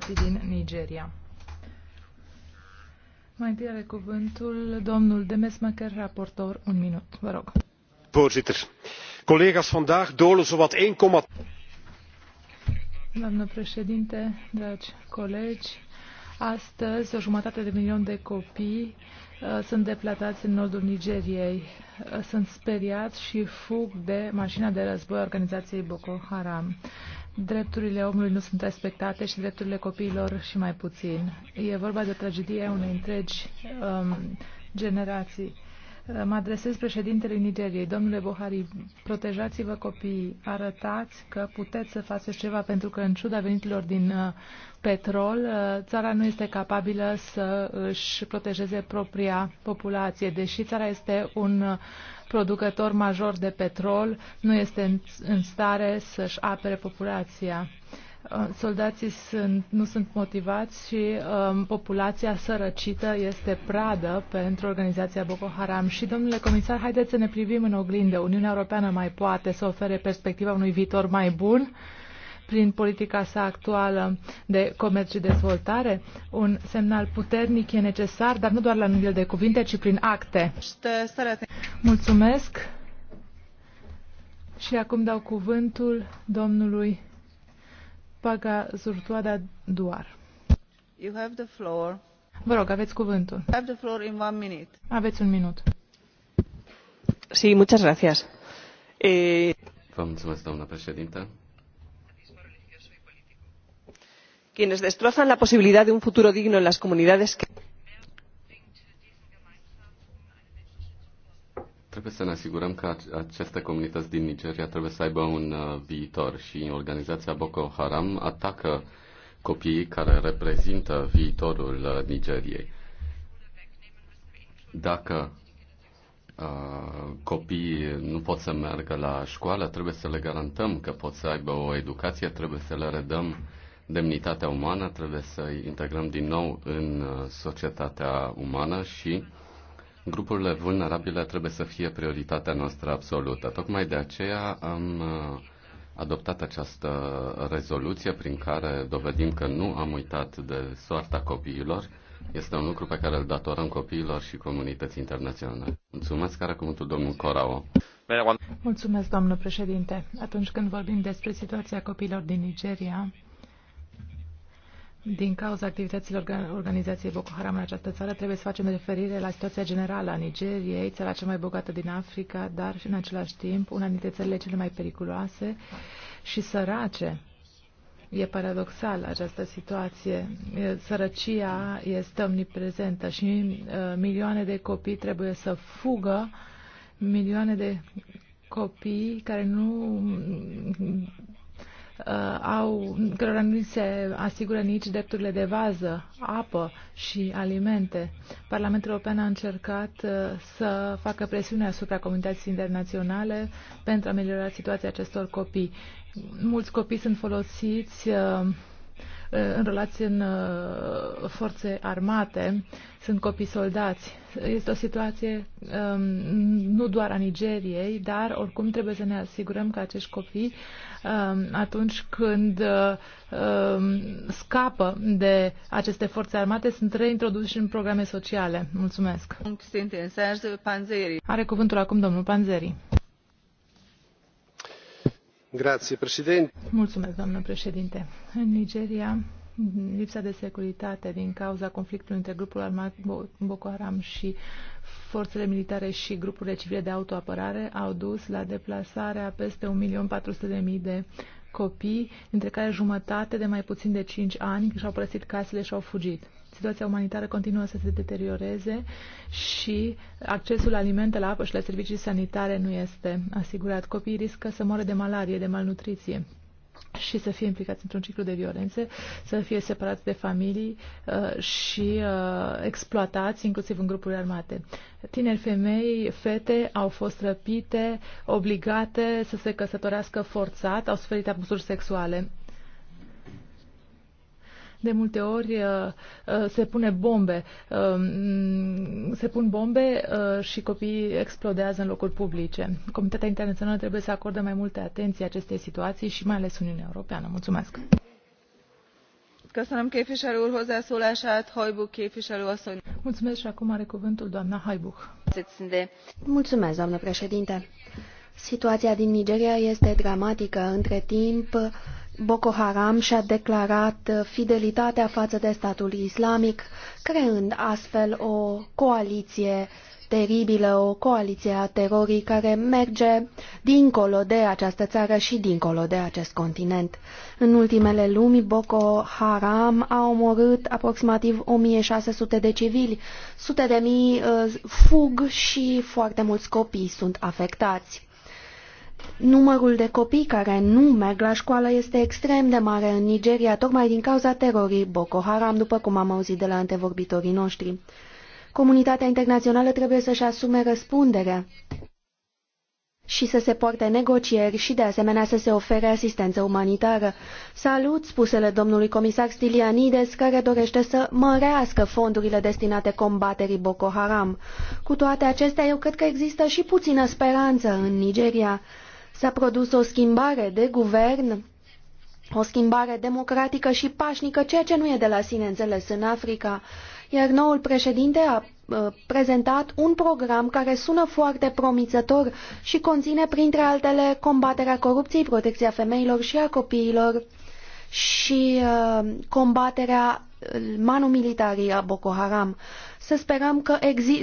copii din Nigeria. Mai întâi are cuvântul domnul Demesmacher, raportor, un minut. Vă rog. Voorzitter, collega's vandaag dolen zowat 1, Doamnă președinte, dragi colegi, astăzi o jumătate de milion de copii uh, sunt deplatați în nordul Nigeriei. Uh, sunt speriați și fug de mașina de război a organizației Boko Haram drepturile omului nu sunt respectate și drepturile copiilor și mai puțin. E vorba de tragedia unei întregi um, generații. Mă adresez președintelui Nigeriei. Domnule Buhari, protejați-vă copiii, arătați că puteți să faceți ceva pentru că în ciuda venitelor din uh, petrol, uh, țara nu este capabilă să își protejeze propria populație. Deși țara este un uh, producător major de petrol, nu este în stare să-și apere populația. Uh, soldații sunt, nu sunt motivați și um, populația sărăcită este pradă pentru organizația Boko Haram. Și, domnule comisar, haideți să ne privim în oglindă. Uniunea Europeană mai poate să ofere perspectiva unui viitor mai bun prin politica sa actuală de comerț și dezvoltare. Un semnal puternic e necesar, dar nu doar la nivel de cuvinte, ci prin acte. Mulțumesc. Și acum dau cuvântul domnului Paga Zurtuada Duar. You have the floor. Vă rog, aveți cuvântul. have the floor in one minute. Aveți un minut. Sí, muchas gracias. Eh... Vă mulțumesc, doamna președintă. Quienes destrozan la posibilidad de un futuro digno en las comunidades que Trebuie să ne asigurăm că aceste comunități din Nigeria trebuie să aibă un uh, viitor și organizația Boko Haram atacă copiii care reprezintă viitorul uh, Nigeriei. Dacă uh, copiii nu pot să meargă la școală, trebuie să le garantăm că pot să aibă o educație, trebuie să le redăm demnitatea umană, trebuie să-i integrăm din nou în uh, societatea umană și uh, Grupurile vulnerabile trebuie să fie prioritatea noastră absolută. Tocmai de aceea am uh, adoptat această rezoluție prin care dovedim că nu am uitat de soarta copiilor. Este un lucru pe care îl datorăm copiilor și comunității internaționale. Mulțumesc, care cuvântul domnul Corao. Mulțumesc, domnul președinte. Atunci când vorbim despre situația copiilor din Nigeria, din cauza activităților organizației Boko Haram în această țară, trebuie să facem referire la situația generală a Nigeriei, țara cea mai bogată din Africa, dar și în același timp una dintre țările cele mai periculoase și sărace. E paradoxal această situație. Sărăcia este omniprezentă și milioane de copii trebuie să fugă, milioane de copii care nu Uh, au, cărora nu se asigură nici drepturile de vază, apă și alimente. Parlamentul European a încercat uh, să facă presiune asupra comunității internaționale pentru a ameliora situația acestor copii. Mulți copii sunt folosiți uh, în relație în forțe armate, sunt copii soldați. Este o situație um, nu doar a Nigeriei, dar oricum trebuie să ne asigurăm că acești copii Um, atunci când um, scapă de aceste forțe armate, sunt reintroduși în programe sociale. Mulțumesc. Are cuvântul acum domnul Panzeri. Grazie, Mulțumesc, doamnă președinte. În Nigeria, lipsa de securitate din cauza conflictului între grupul armat Boko Haram și forțele militare și grupurile civile de autoapărare au dus la deplasarea peste 1.400.000 de copii, dintre care jumătate de mai puțin de 5 ani și-au părăsit casele și au fugit. Situația umanitară continuă să se deterioreze și accesul la alimente, la apă și la servicii sanitare nu este asigurat. Copiii riscă să moară de malarie, de malnutriție și să fie implicați într-un ciclu de violențe, să fie separați de familii uh, și uh, exploatați inclusiv în grupuri armate. Tineri femei, fete au fost răpite, obligate să se căsătorească forțat, au suferit abuzuri sexuale. De multe ori uh, uh, se pune bombe, um, se pun bombe uh, și copiii explodează în locuri publice. Comunitatea internațională trebuie să acorde mai multă atenție acestei situații și mai ales Uniunea Europeană. Mulțumesc! Köszönöm képviselő úr hozzászólását. Hajbuk képviselő asszony. Mulțumesc și acum are cuvântul doamna Hajbuk. Mulțumesc, doamnă președinte. Situația din Nigeria este dramatică. Între timp, Boko Haram și-a declarat uh, fidelitatea față de statul islamic, creând astfel o coaliție teribilă, o coaliție a terorii care merge dincolo de această țară și dincolo de acest continent. În ultimele lumi, Boko Haram a omorât aproximativ 1600 de civili, sute de mii uh, fug și foarte mulți copii sunt afectați. Numărul de copii care nu merg la școală este extrem de mare în Nigeria, tocmai din cauza terorii Boko Haram, după cum am auzit de la antevorbitorii noștri. Comunitatea internațională trebuie să-și asume răspunderea și să se poarte negocieri și de asemenea să se ofere asistență umanitară. Salut spusele domnului comisar Stilianides care dorește să mărească fondurile destinate combaterii Boko Haram. Cu toate acestea, eu cred că există și puțină speranță în Nigeria. S-a produs o schimbare de guvern, o schimbare democratică și pașnică, ceea ce nu e de la sine înțeles în Africa, iar noul președinte a uh, prezentat un program care sună foarte promițător și conține, printre altele, combaterea corupției, protecția femeilor și a copiilor și uh, combaterea uh, manumilitarii a Boko Haram. Să sperăm că,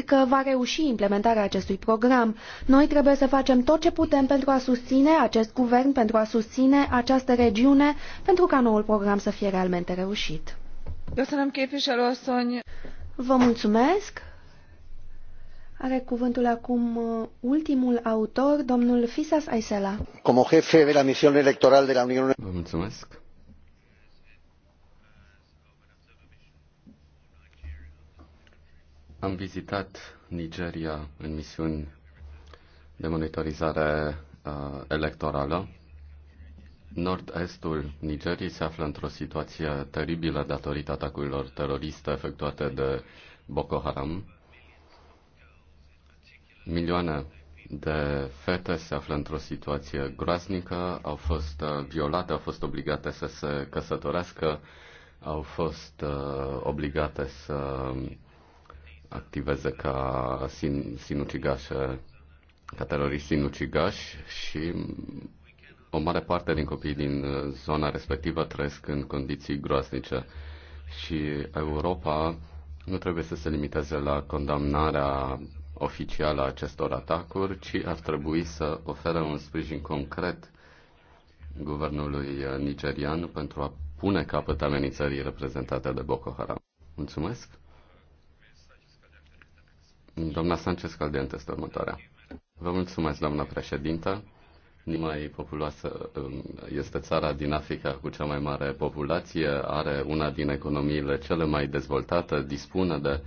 că va reuși implementarea acestui program. Noi trebuie să facem tot ce putem pentru a susține acest guvern, pentru a susține această regiune, pentru ca noul program să fie realmente reușit. Vă mulțumesc! Are cuvântul acum uh, ultimul autor, domnul Fisas Aisela. Como jefe de la misión electoral de la Unión Vă mulțumesc. Am vizitat Nigeria în misiuni de monitorizare uh, electorală. Nord-estul Nigeriei se află într-o situație teribilă datorită atacurilor teroriste efectuate de Boko Haram. Milioane de fete se află într-o situație groaznică, au fost uh, violate, au fost obligate să se căsătorească, au fost uh, obligate să activeze ca sin, sinucigașă, ca teroriști sinucigași și o mare parte din copiii din zona respectivă trăiesc în condiții groaznice și Europa nu trebuie să se limiteze la condamnarea oficială a acestor atacuri, ci ar trebui să ofere un sprijin concret guvernului nigerian pentru a pune capăt amenințării reprezentate de Boko Haram. Mulțumesc! Doamna Sanchez Caldente este următoarea. Vă mulțumesc, doamna președintă. Mai populoasă um, este țara din Africa cu cea mai mare populație, are una din economiile cele mai dezvoltate, dispune de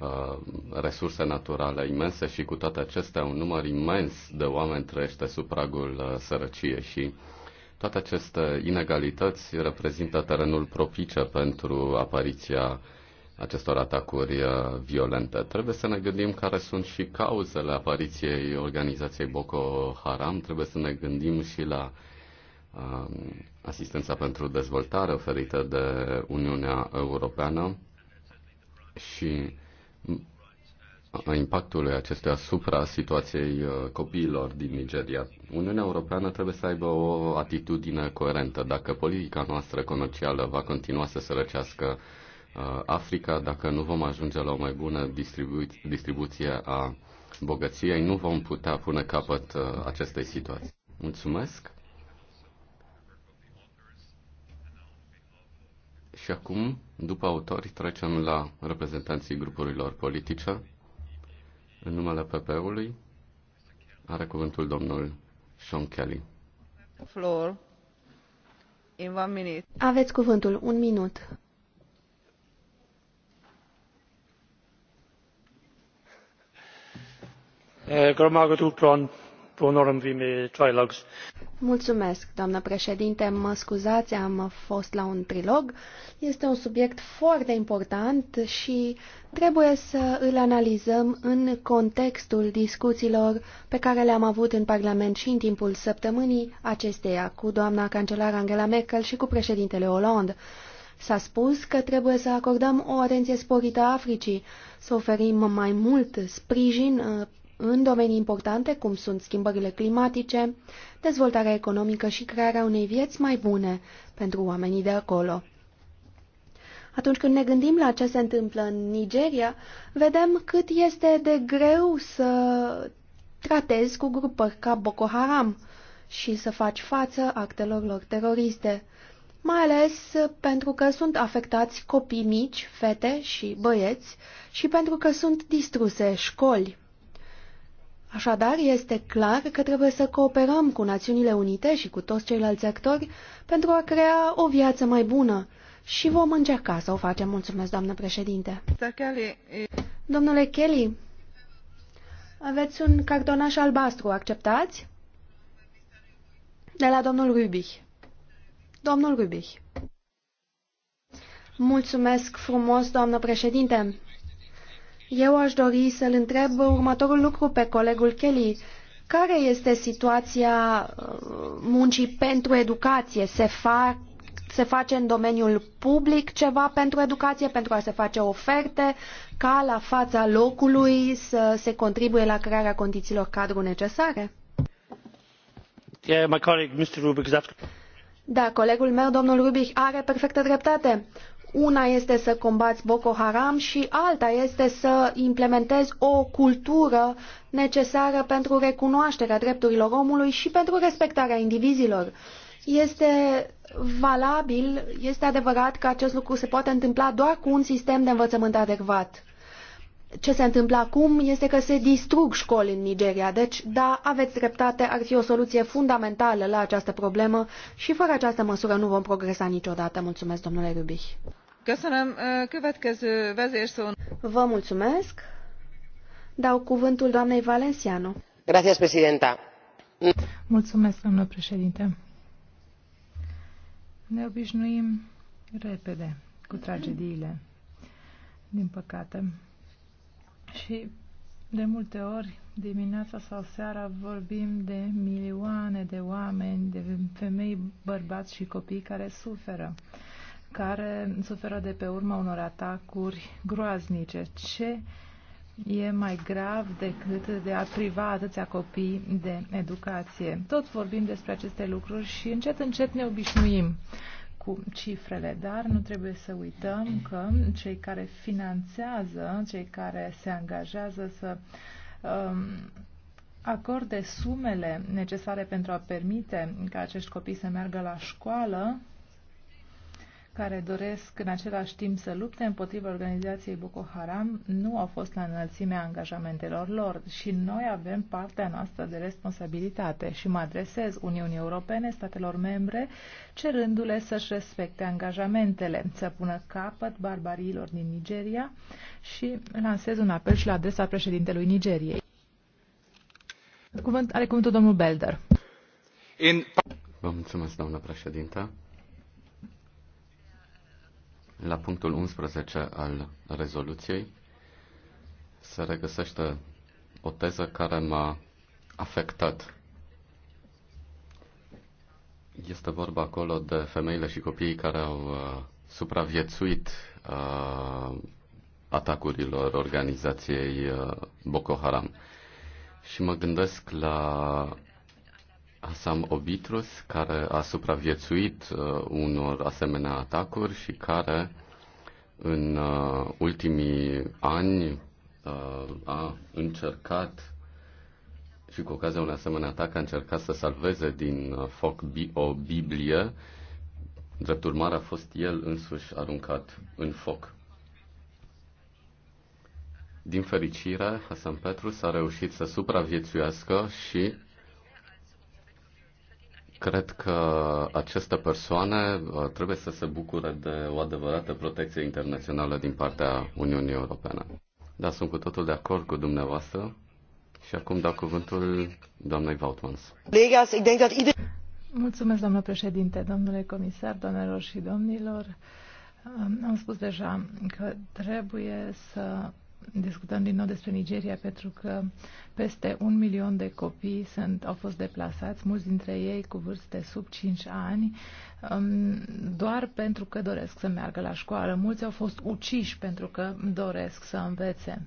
uh, resurse naturale imense și cu toate acestea un număr imens de oameni trăiește sub pragul uh, sărăciei și toate aceste inegalități reprezintă terenul propice pentru apariția uh, acestor atacuri uh, violente. Trebuie să ne gândim care sunt și cauzele apariției organizației Boko Haram, trebuie să ne gândim și la um, asistența pentru dezvoltare oferită de Uniunea Europeană și impactul acestuia asupra situației uh, copiilor din Nigeria. Uniunea Europeană trebuie să aibă o atitudine coerentă. Dacă politica noastră comercială va continua să sărăcească răcească Uh, Africa, dacă nu vom ajunge la o mai bună distribu- distribuție a bogăției, nu vom putea pune capăt uh, acestei situații. Mulțumesc! Și acum, după autori, trecem la reprezentanții grupurilor politice. În numele PP-ului are cuvântul domnul Sean Kelly. Floor. In one minute. Aveți cuvântul, un minut. Eh, Mulțumesc, doamnă președinte. Mă scuzați, am fost la un trilog. Este un subiect foarte important și trebuie să îl analizăm în contextul discuțiilor pe care le-am avut în Parlament și în timpul săptămânii acesteia cu doamna cancelar Angela Merkel și cu președintele Hollande. S-a spus că trebuie să acordăm o atenție sporită Africii, să oferim mai mult sprijin în domenii importante, cum sunt schimbările climatice, dezvoltarea economică și crearea unei vieți mai bune pentru oamenii de acolo. Atunci când ne gândim la ce se întâmplă în Nigeria, vedem cât este de greu să tratezi cu grupări ca Boko Haram și să faci față actelor lor teroriste, mai ales pentru că sunt afectați copii mici, fete și băieți și pentru că sunt distruse școli. Așadar, este clar că trebuie să cooperăm cu Națiunile Unite și cu toți ceilalți actori pentru a crea o viață mai bună și vom încerca să o facem. Mulțumesc, doamnă președinte. Domnule Kelly, aveți un cartonaș albastru, acceptați? De la domnul Rubich. Domnul Rubich. Mulțumesc frumos, doamnă președinte. Eu aș dori să-l întreb următorul lucru pe colegul Kelly. Care este situația uh, muncii pentru educație? Se, se face în domeniul public ceva pentru educație, pentru a se face oferte, ca la fața locului să se contribuie la crearea condițiilor cadru necesare? Yeah, my colleague, Mr. Rubik, that... Da, colegul meu, domnul Rubic, are perfectă dreptate. Una este să combați Boko Haram și alta este să implementezi o cultură necesară pentru recunoașterea drepturilor omului și pentru respectarea indivizilor. Este valabil, este adevărat că acest lucru se poate întâmpla doar cu un sistem de învățământ adecvat. Ce se întâmplă acum este că se distrug școli în Nigeria, deci, da, aveți dreptate, ar fi o soluție fundamentală la această problemă și fără această măsură nu vom progresa niciodată. Mulțumesc, domnule Rubich. Vă mulțumesc. Dau cuvântul doamnei Valenciano. Gracias, presidenta. Mulțumesc, doamnă președinte. Ne obișnuim repede cu tragediile, din păcate. Și de multe ori, dimineața sau seara, vorbim de milioane de oameni, de femei, bărbați și copii care suferă. Uh, care suferă de pe urma unor atacuri groaznice. Ce e mai grav decât de a priva atâția copii de educație? Tot vorbim despre aceste lucruri și încet, încet ne obișnuim cu cifrele, dar nu trebuie să uităm că cei care finanțează, cei care se angajează să um, acorde sumele necesare pentru a permite ca acești copii să meargă la școală, care doresc în același timp să lupte împotriva organizației Boko Haram nu au fost la înălțimea angajamentelor lor și noi avem partea noastră de responsabilitate și mă adresez Uniunii Europene, statelor membre, cerându-le să-și respecte angajamentele, să pună capăt barbariilor din Nigeria și lansez un apel și la adresa președintelui Nigeriei. Cuvânt, are cuvântul domnul Belder. In... Vă mulțumesc, doamnă președintă. La punctul 11 al rezoluției se regăsește o teză care m-a afectat. Este vorba acolo de femeile și copiii care au uh, supraviețuit uh, atacurilor organizației uh, Boko Haram. Și mă gândesc la Asam Obitrus, care a supraviețuit uh, unor asemenea atacuri și care în uh, ultimii ani uh, a încercat și cu ocazia unui asemenea atac a încercat să salveze din uh, foc bi- o Biblie. Drept urmare a fost el însuși aruncat în foc. Din fericire, Hasan Petrus a reușit să supraviețuiască și Cred că aceste persoane uh, trebuie să se bucure de o adevărată protecție internațională din partea Uniunii Europene. Da, sunt cu totul de acord cu dumneavoastră și acum dau cuvântul doamnei Vautmans. Mulțumesc, doamnă președinte, domnule comisar, doamnelor și domnilor. Am spus deja că trebuie să discutăm din nou despre Nigeria pentru că peste un milion de copii sunt, au fost deplasați, mulți dintre ei cu vârste sub 5 ani, um, doar pentru că doresc să meargă la școală. Mulți au fost uciși pentru că doresc să învețe.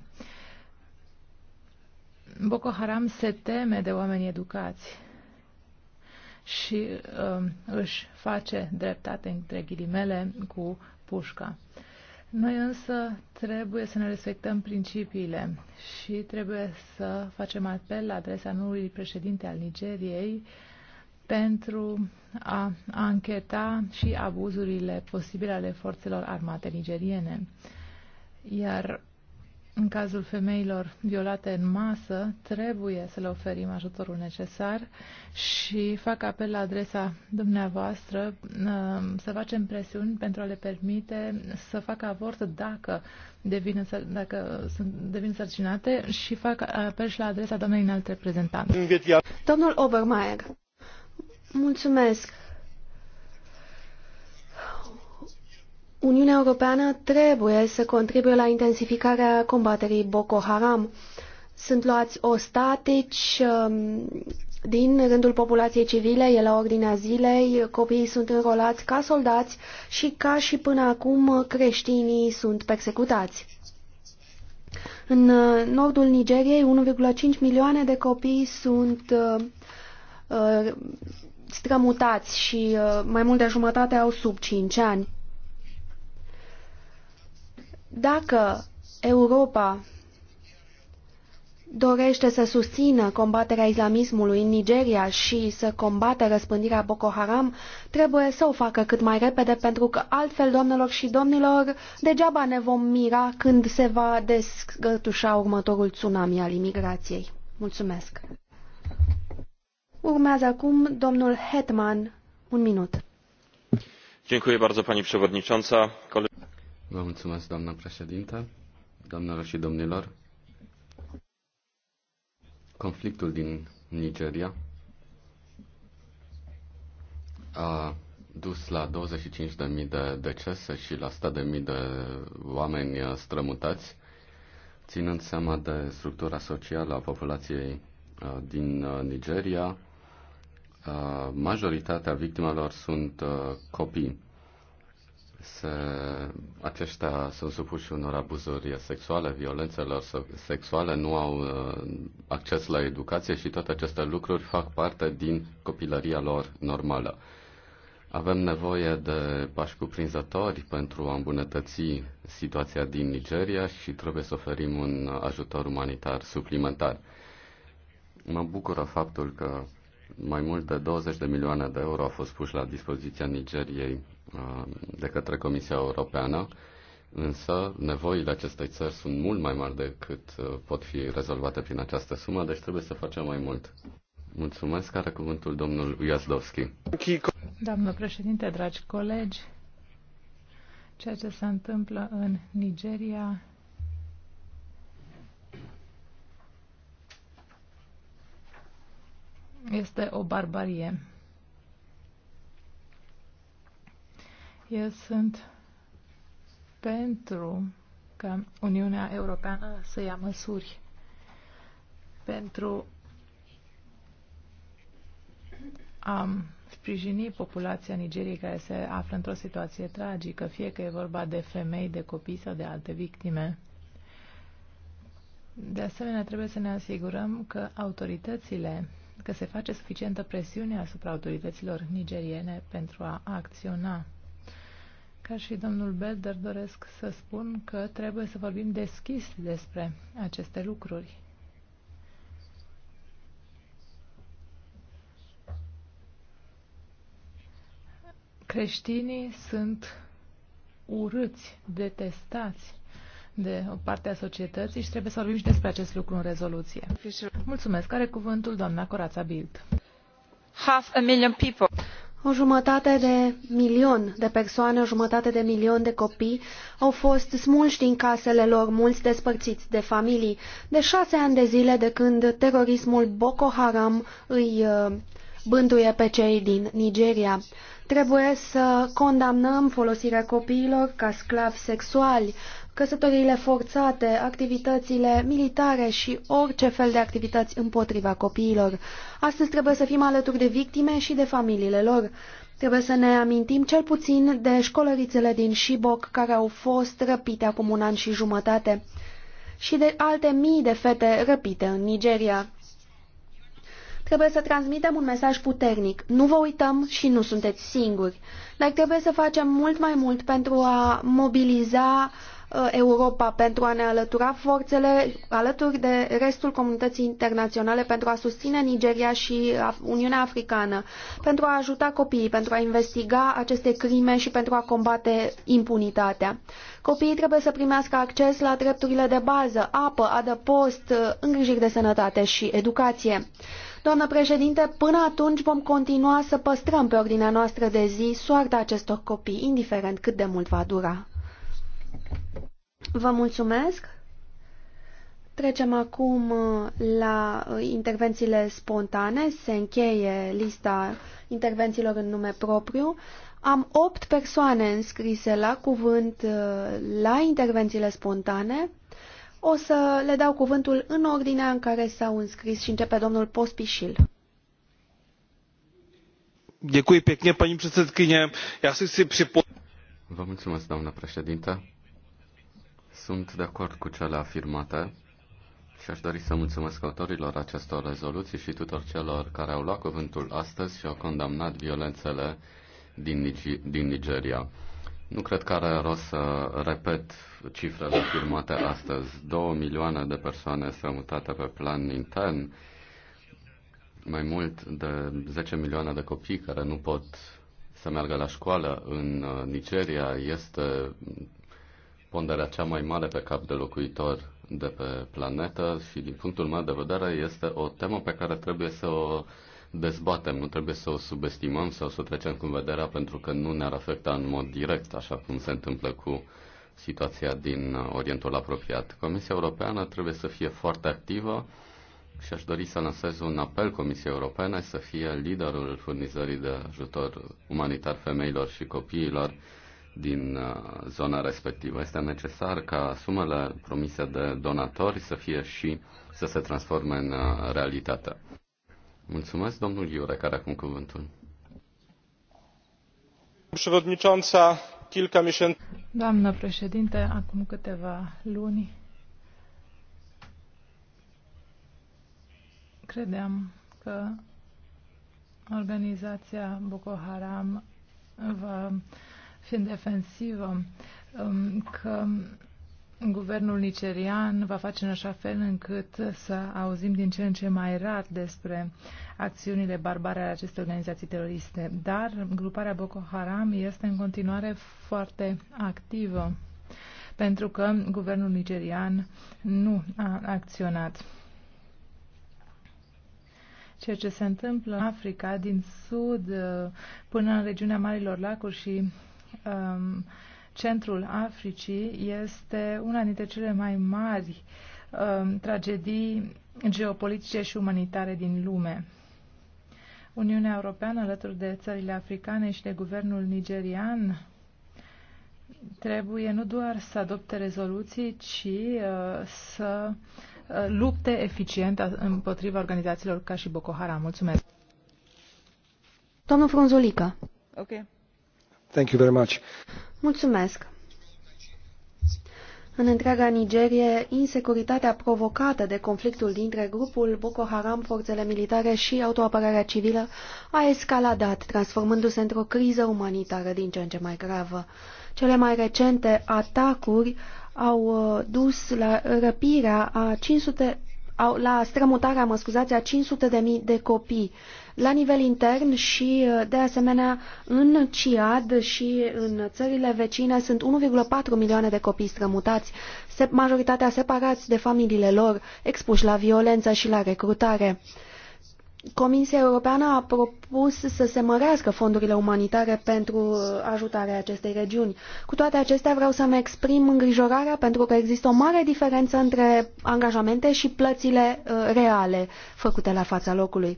Boko Haram se teme de oameni educați și uh, își face dreptate între ghilimele cu pușca. Uh, noi însă trebuie să ne respectăm principiile și trebuie să facem apel la adresa noului președinte al Nigeriei pentru a ancheta și abuzurile posibile ale forțelor armate nigeriene. Iar în cazul femeilor violate în masă, trebuie să le oferim ajutorul necesar și fac apel la adresa dumneavoastră um, să facem presiuni pentru a le permite să facă avort dacă devin, dacă sunt, devin sărcinate și fac apel și la adresa doamnei înalt reprezentant. Domnul Obermeier, mulțumesc. Uniunea Europeană trebuie să contribuie la intensificarea combaterii Boko Haram. Sunt luați ostatici um, din rândul populației civile, e la ordinea zilei, copiii sunt înrolați ca soldați și ca și până acum creștinii sunt persecutați. În uh, nordul Nigeriei, 1,5 milioane de copii sunt uh, uh, strămutați și uh, mai mult de jumătate au sub 5 ani. Dacă Europa dorește să susțină combaterea islamismului în Nigeria și să combată răspândirea Boko Haram, trebuie să o facă cât mai repede pentru că altfel, doamnelor și domnilor, degeaba ne vom mira când se va desgătușa următorul tsunami al imigrației. Mulțumesc! Urmează acum domnul Hetman. Un minut. Dziękuję bardzo pani przewodnicząca. Vă mulțumesc, doamna președinte, doamnelor și domnilor. Conflictul din Nigeria a dus la 25.000 de decese și la 100.000 de oameni strămutați, ținând seama de structura socială a populației uh, din uh, Nigeria. Uh, majoritatea victimelor sunt copii să, aceștia sunt supuși unor abuzuri sexuale, violențelor sexuale, nu au uh, acces la educație și toate aceste lucruri fac parte din copilăria lor normală. Avem nevoie de pași cuprinzători pentru a îmbunătăți situația din Nigeria și trebuie să oferim un ajutor umanitar suplimentar. Mă bucură faptul că mai mult de 20 de milioane de euro au fost puși la dispoziția Nigeriei de către Comisia Europeană, însă nevoile acestei țări sunt mult mai mari decât uh, pot fi rezolvate prin această sumă, deci trebuie să facem mai mult. Mulțumesc, are cuvântul domnul Iazdovski. Doamnă președinte, dragi colegi, ceea ce se întâmplă în Nigeria este o barbarie. Eu sunt pentru ca Uniunea Europeană să ia măsuri pentru a sprijini populația Nigeriei care se află într-o situație tragică, fie că e vorba de femei, de copii sau de alte victime. De asemenea, trebuie să ne asigurăm că autoritățile, că se face suficientă presiune asupra autorităților nigeriene pentru a acționa ca și domnul Belder doresc să spun că trebuie să vorbim deschis despre aceste lucruri. Creștinii sunt urâți, detestați de o parte a societății și trebuie să vorbim și despre acest lucru în rezoluție. Mulțumesc. Are cuvântul doamna Corața Bild. Half a million people o jumătate de milion de persoane, o jumătate de milion de copii au fost smulși din casele lor, mulți despărțiți de familii, de șase ani de zile de când terorismul Boko Haram îi uh, bântuie pe cei din Nigeria. Trebuie să condamnăm folosirea copiilor ca sclavi sexuali, căsătoriile forțate, activitățile militare și orice fel de activități împotriva copiilor. Astăzi trebuie să fim alături de victime și de familiile lor. Trebuie să ne amintim cel puțin de școlărițele din Shibok care au fost răpite acum un an și jumătate și de alte mii de fete răpite în Nigeria. Trebuie să transmitem un mesaj puternic. Nu vă uităm și nu sunteți singuri. Dar trebuie să facem mult mai mult pentru a mobiliza uh, Uh, Europa pentru a ne alătura forțele alături de restul comunității internaționale pentru a susține Nigeria și Uniunea Africană, pentru a ajuta copiii, pentru a investiga aceste crime și pentru a combate impunitatea. Copiii trebuie să primească acces la drepturile de bază, apă, adăpost, uh, îngrijiri de sănătate și educație. Doamnă președinte, până atunci vom continua să păstrăm pe ordinea noastră de zi soarta acestor copii, indiferent cât de mult va dura. Vă mulțumesc. Trecem acum uh, la uh, intervențiile spontane. Se încheie lista intervențiilor în nume propriu. Am opt persoane înscrise la cuvânt uh, la intervențiile spontane. O să le dau cuvântul în ordinea în care s-au înscris și începe domnul Pospișil. Vă mulțumesc, doamna președintă. Sunt de acord cu cele afirmate și aș dori să mulțumesc autorilor acestor rezoluții și tuturor celor care au luat cuvântul astăzi și au condamnat violențele din, din Nigeria. Nu cred că are rost să repet cifrele afirmate astăzi. Două milioane de persoane mutate pe plan intern, mai mult de 10 milioane de copii care nu pot să meargă la școală în uh, Nigeria este ponderea cea mai mare pe cap de locuitor de pe planetă și din punctul meu de vedere este o temă pe care trebuie să o dezbatem, nu trebuie să o subestimăm sau să o trecem cu vederea pentru că nu ne-ar afecta în mod direct, așa cum se întâmplă cu situația din Orientul apropiat. Comisia Europeană trebuie să fie foarte activă și aș dori să lansez un apel Comisiei Europene să fie liderul furnizării de ajutor umanitar femeilor și copiilor din uh, zona respectivă. Este necesar ca sumele promise de donatori să fie și să se transforme în uh, realitate. Mulțumesc, domnul Iure, care acum cuvântul. Doamnă președinte, acum câteva luni credeam că organizația Boko Haram va fiind defensivă, um, că guvernul nigerian va face în așa fel încât să auzim din ce în ce mai rar despre acțiunile barbare ale acestei organizații teroriste. Dar gruparea Boko Haram este în continuare foarte activă pentru că guvernul nigerian nu a acționat. Ceea ce se întâmplă în Africa, din sud până în regiunea Marilor Lacuri și um, centrul Africii este una dintre cele mai mari um, tragedii geopolitice și umanitare din lume. Uniunea Europeană, alături de țările africane și de guvernul nigerian, trebuie nu doar să adopte rezoluții, ci uh, să uh, lupte eficient împotriva organizațiilor ca și Boko Haram. Mulțumesc. Domnul Frunzulică. Okay. Thank you very much. Mulțumesc. În întreaga Nigerie, insecuritatea provocată de conflictul dintre grupul Boko Haram, forțele militare și autoapărarea civilă a escaladat, transformându-se într-o criză umanitară din ce în ce mai gravă. Cele mai recente atacuri au uh, dus la răpirea a 500 au, la strămutarea, mă scuzați, a 500.000 de copii la nivel intern și, uh, de asemenea, în CIAD și în țările vecine sunt 1,4 milioane de copii strămutați, majoritatea separați de familiile lor, expuși la violență și la recrutare. Comisia Europeană a propus să se mărească fondurile umanitare pentru ajutarea acestei regiuni. Cu toate acestea vreau să-mi exprim îngrijorarea pentru că există o mare diferență între angajamente și plățile uh, reale făcute la fața locului.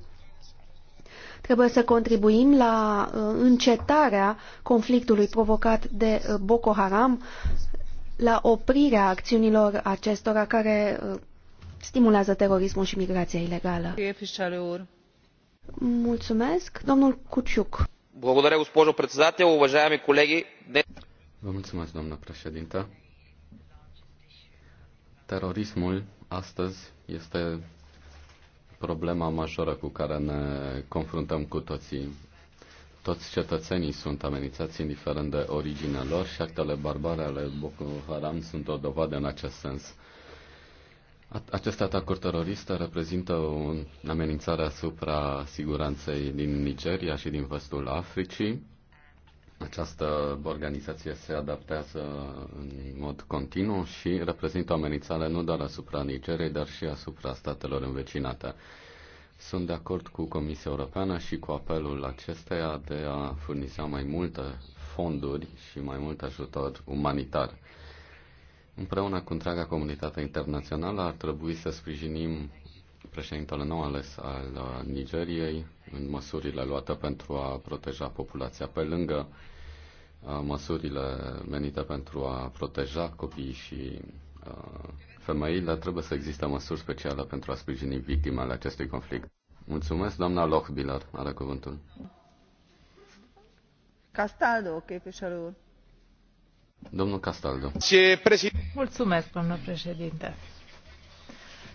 Trebuie să contribuim la uh, încetarea conflictului provocat de uh, Boko Haram, la oprirea acțiunilor acestora care stimulează terorismul și migrația ilegală. Mulțumesc. Domnul Cuciuc. Vă mulțumesc, doamnă președintă. Terorismul astăzi este problema majoră cu care ne confruntăm cu toții. Toți cetățenii sunt amenințați indiferent de originea lor și actele barbare ale Boko Haram sunt o dovadă în acest sens. Acest atacuri teroriste reprezintă o amenințare asupra siguranței din Nigeria și din vestul Africii. Această organizație se adaptează în mod continuu și reprezintă o amenințare nu doar asupra Nigeriei, dar și asupra statelor învecinate. Sunt de acord cu Comisia Europeană și cu apelul acesteia de a furniza mai multe fonduri și mai mult ajutor umanitar. Împreună cu întreaga comunitate internațională ar trebui să sprijinim președintele nou ales al uh, Nigeriei în măsurile luate pentru a proteja populația pe lângă uh, măsurile menite pentru a proteja copiii și uh, femeile, trebuie să existe măsuri speciale pentru a sprijini victimele acestui conflict. Mulțumesc, doamna Lochbiller, are cuvântul. Castaldo, ok, úr. Domnul Castaldo. Mulțumesc, domnul președinte.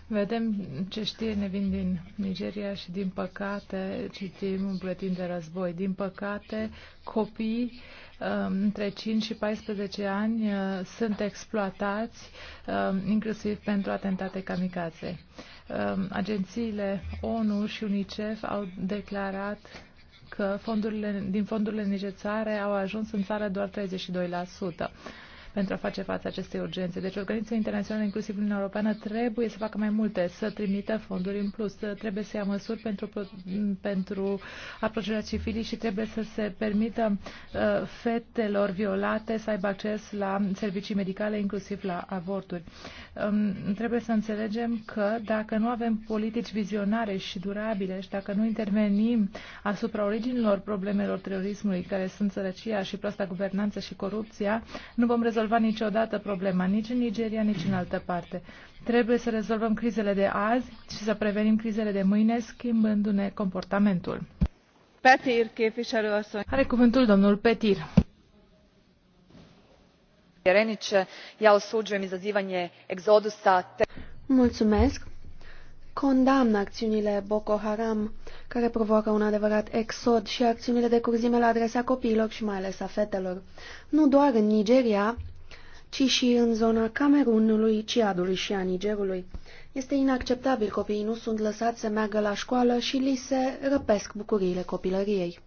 Vedem ce știe ne vin din Nigeria și, din păcate, citim un buletin de război. Din păcate, copii um, între 5 și 14 ani uh, sunt exploatați, um, inclusiv pentru atentate kamikaze. Um, agențiile ONU și UNICEF au declarat că fondurile, din fondurile necesare au ajuns în țară doar 32% pentru a face față acestei urgențe. Deci organizațiile internaționale, inclusiv Uniunea Europeană, trebuie să facă mai multe, să trimită fonduri în plus, trebuie să ia măsuri pentru, pentru a proceda civilii și trebuie să se permită uh, fetelor violate să aibă acces la servicii medicale, inclusiv la avorturi. Um, trebuie să înțelegem că dacă nu avem politici vizionare și durabile și dacă nu intervenim asupra originilor problemelor terorismului, care sunt sărăcia și proasta guvernanță și corupția, nu vom rezolva rezolva niciodată problema, nici în Nigeria, nici în altă parte. Trebuie să rezolvăm crizele de azi și să prevenim crizele de mâine, schimbându-ne comportamentul. Petir, Are cuvântul domnul Petir. Ja osuđujem izazivanje egzodusa. Mulțumesc. Condamn acțiunile Boko Haram, care provoacă un adevărat exod și acțiunile de curzime la adresa copiilor și mai ales a fetelor. Nu doar în Nigeria, ci și în zona Camerunului, Ciadului și a Nigerului. Este inacceptabil, copiii nu sunt lăsați să meargă la școală și li se răpesc bucuriile copilăriei.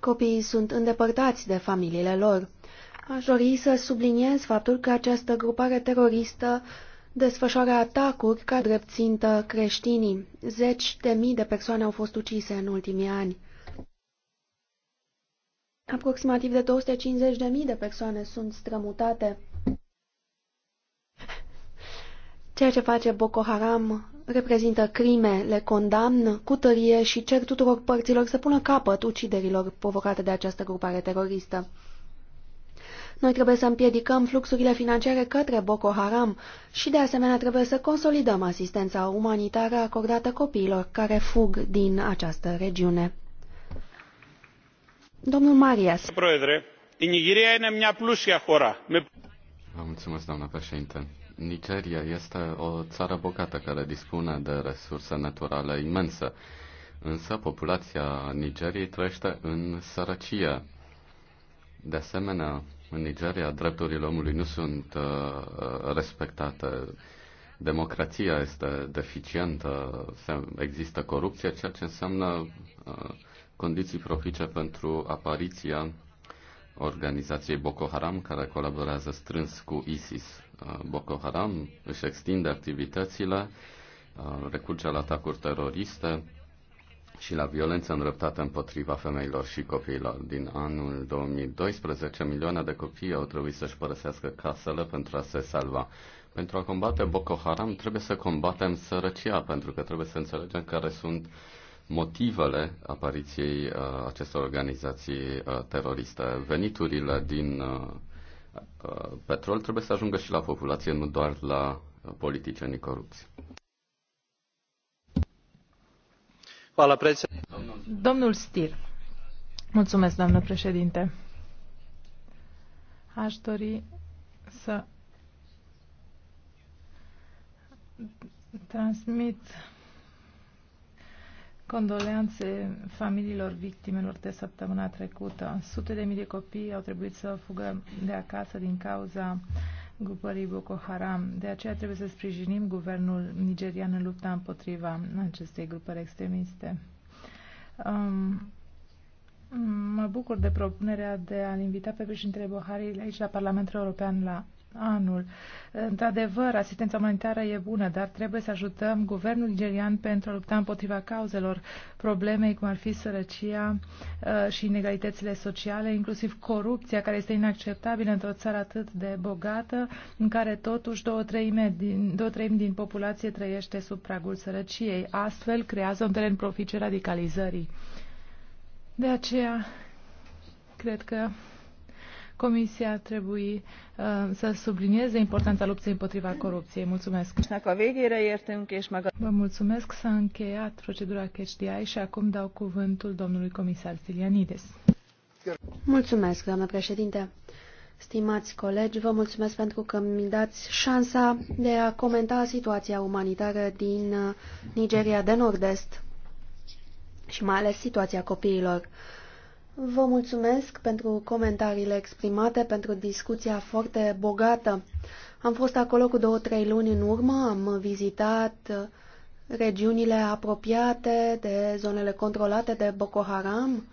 Copiii sunt îndepărtați de familiile lor. Aș dori să subliniez faptul că această grupare teroristă desfășoară atacuri ca drept țintă creștinii. Zeci de mii de persoane au fost ucise în ultimii ani. Aproximativ de 250.000 de persoane sunt strămutate, ceea ce face Boko Haram reprezintă crime, le condamn cu tărie și cer tuturor părților să pună capăt uciderilor provocate de această grupare teroristă. Noi trebuie să împiedicăm fluxurile financiare către Boko Haram și de asemenea trebuie să consolidăm asistența umanitară acordată copiilor care fug din această regiune. Domnul Marias. Nigeria este o țară bogată care dispune de resurse naturale imense, însă populația Nigeriei trăiește în sărăcie. De asemenea, în Nigeria drepturile omului nu sunt uh, respectate, democrația este deficientă, există corupție, ceea ce înseamnă uh, condiții propice pentru apariția organizației Boko Haram, care colaborează strâns cu ISIS. Uh, Boko Haram își extinde activitățile, uh, recurge la atacuri teroriste și la violență îndreptată împotriva femeilor și copiilor. Din anul 2012, milioane de copii au trebuit să-și părăsească casele pentru a se salva. Pentru a combate Boko Haram trebuie să combatem sărăcia, pentru că trebuie să înțelegem care sunt uh, motivele apariției uh, acestor organizații uh, teroriste. Veniturile din uh, petrol trebuie să ajungă și la populație, nu doar la politicienii corupți. Domnul Stier. Mulțumesc, doamnă președinte. Aș dori să transmit Condoleanțe familiilor victimelor de săptămâna trecută. Sute de mii de copii au trebuit să fugă de acasă din cauza grupării Boko Haram. De aceea trebuie să sprijinim guvernul nigerian în lupta împotriva acestei grupări extremiste. Um, mă bucur de propunerea de a-l invita pe președintele Buhari aici la Parlamentul European la anul. Într-adevăr, asistența umanitară e bună, dar trebuie să ajutăm guvernul nigerian pentru a lupta împotriva cauzelor problemei, cum ar fi sărăcia uh, și inegalitățile sociale, inclusiv corupția, care este inacceptabilă într-o țară atât de bogată, în care totuși două treime din, două treimi din populație trăiește sub pragul sărăciei. Astfel, creează un teren profice radicalizării. De aceea, cred că Comisia ar trebui uh, să sublinieze importanța luptei împotriva corupției. Mulțumesc! Vă mulțumesc, s-a încheiat procedura CHDI și acum dau cuvântul domnului comisar Silianides. Mulțumesc, doamnă președinte! Stimați colegi, vă mulțumesc pentru că mi dați șansa de a comenta situația umanitară din uh, Nigeria de Nord-Est și mai ales situația copiilor. Vă mulțumesc pentru comentariile exprimate, pentru discuția foarte bogată. Am fost acolo cu două, trei luni în urmă, am vizitat regiunile apropiate de zonele controlate de Boko Haram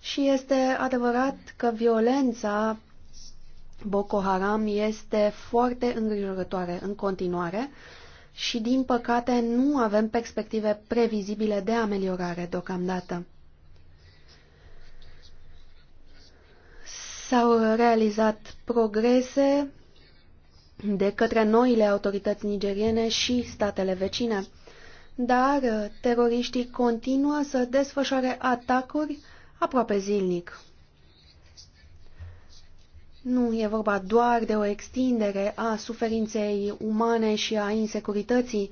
și este adevărat că violența Boko Haram este foarte îngrijorătoare în continuare și, din păcate, nu avem perspective previzibile de ameliorare deocamdată. S-au realizat progrese de către noile autorități nigeriene și statele vecine, dar uh, teroriștii continuă să desfășoare atacuri aproape zilnic. Nu e vorba doar de o extindere a suferinței umane și a insecurității.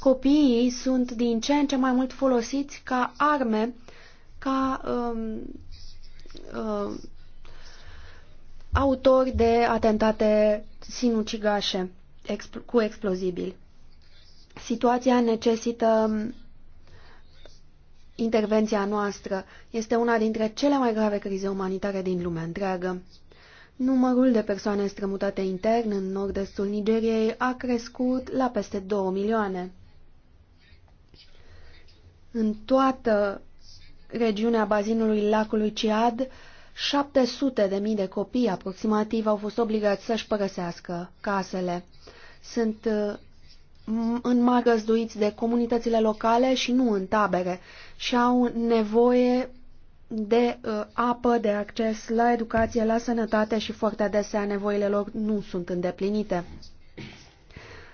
Copiii sunt din ce în ce mai mult folosiți ca arme, ca um, um, autori de atentate sinucigașe cu explozibili. Situația necesită um, intervenția noastră. Este una dintre cele mai grave crize umanitare din lumea întreagă. Numărul de persoane strămutate intern în nord-estul Nigeriei a crescut la peste 2 milioane. În toată regiunea bazinului lacului Ciad, 700 de mii de copii aproximativ au fost obligați să-și părăsească casele. Sunt uh, în înmagăzduiți de comunitățile locale și nu în tabere și au nevoie de uh, apă, de acces la educație, la sănătate și foarte adesea nevoile lor nu sunt îndeplinite.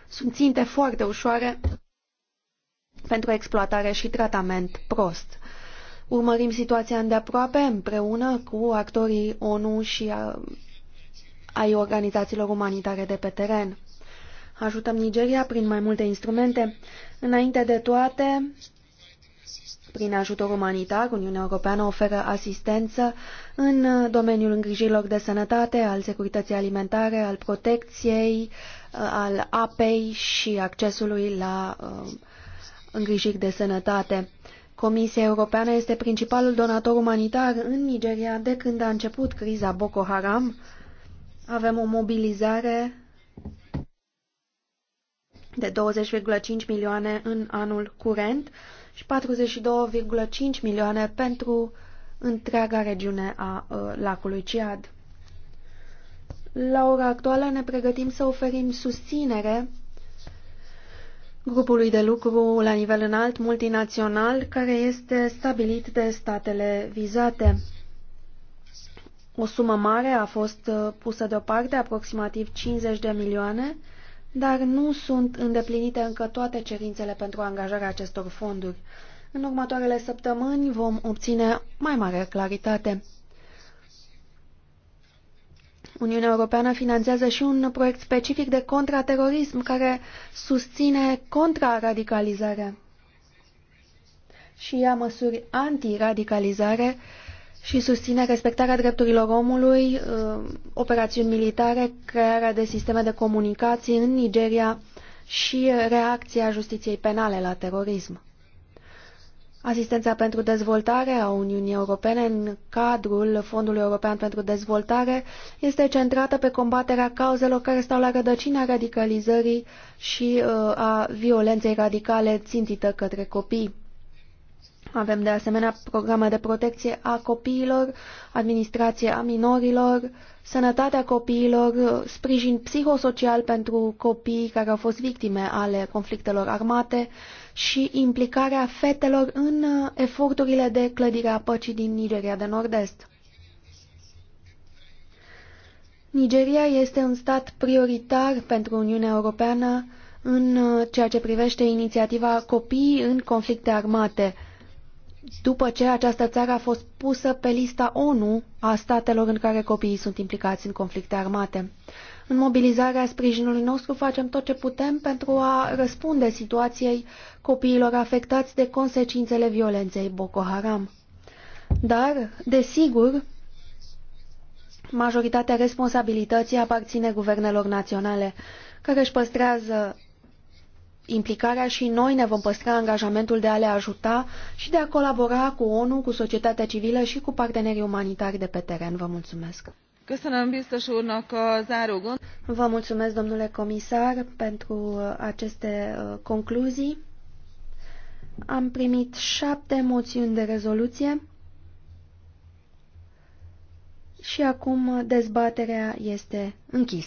Sunt ținte foarte ușoare pentru exploatare și tratament prost. Urmărim situația îndeaproape împreună cu actorii ONU și a, ai organizațiilor umanitare de pe teren. Ajutăm Nigeria prin mai multe instrumente. Înainte de toate, prin ajutor umanitar, Uniunea Europeană oferă asistență în domeniul îngrijirilor de sănătate, al securității alimentare, al protecției, al apei și accesului la uh, îngrijiri de sănătate. Comisia Europeană este principalul donator umanitar în Nigeria de când a început criza Boko Haram. Avem o mobilizare de 20,5 milioane în anul curent și 42,5 milioane pentru întreaga regiune a ă, lacului Ciad. La ora actuală ne pregătim să oferim susținere grupului de lucru la nivel înalt multinațional care este stabilit de statele vizate. O sumă mare a fost uh, pusă deoparte, aproximativ 50 de milioane, dar nu sunt îndeplinite încă toate cerințele pentru angajarea acestor fonduri. În următoarele săptămâni vom obține mai mare claritate. Uniunea Europeană finanțează și un proiect specific de contraterorism care susține contraradicalizarea și ia măsuri antiradicalizare și susține respectarea drepturilor omului, uh, operațiuni militare, crearea de sisteme de comunicații în Nigeria și reacția justiției penale la terorism. Asistența pentru dezvoltare a Uniunii Europene în cadrul Fondului European pentru Dezvoltare este centrată pe combaterea cauzelor care stau la rădăcina radicalizării și uh, a violenței radicale țintită către copii. Avem de asemenea programe de protecție a copiilor, administrație a minorilor, sănătatea copiilor, uh, sprijin psihosocial pentru copii care au fost victime ale conflictelor armate, și implicarea fetelor în uh, eforturile de clădire a păcii din Nigeria de Nord-Est. Nigeria este un stat prioritar pentru Uniunea Europeană în uh, ceea ce privește inițiativa Copii în conflicte armate, după ce această țară a fost pusă pe lista ONU a statelor în care copiii sunt implicați în conflicte armate. În mobilizarea sprijinului nostru facem tot ce putem pentru a răspunde situației copiilor afectați de consecințele violenței Boko Haram. Dar, desigur, majoritatea responsabilității aparține guvernelor naționale, care își păstrează implicarea și noi ne vom păstra angajamentul de a le ajuta și de a colabora cu ONU, cu societatea civilă și cu partenerii umanitari de pe teren. Vă mulțumesc! Vă mulțumesc, domnule comisar, pentru uh, aceste uh, concluzii. Am primit șapte moțiuni de rezoluție și acum dezbaterea este închisă.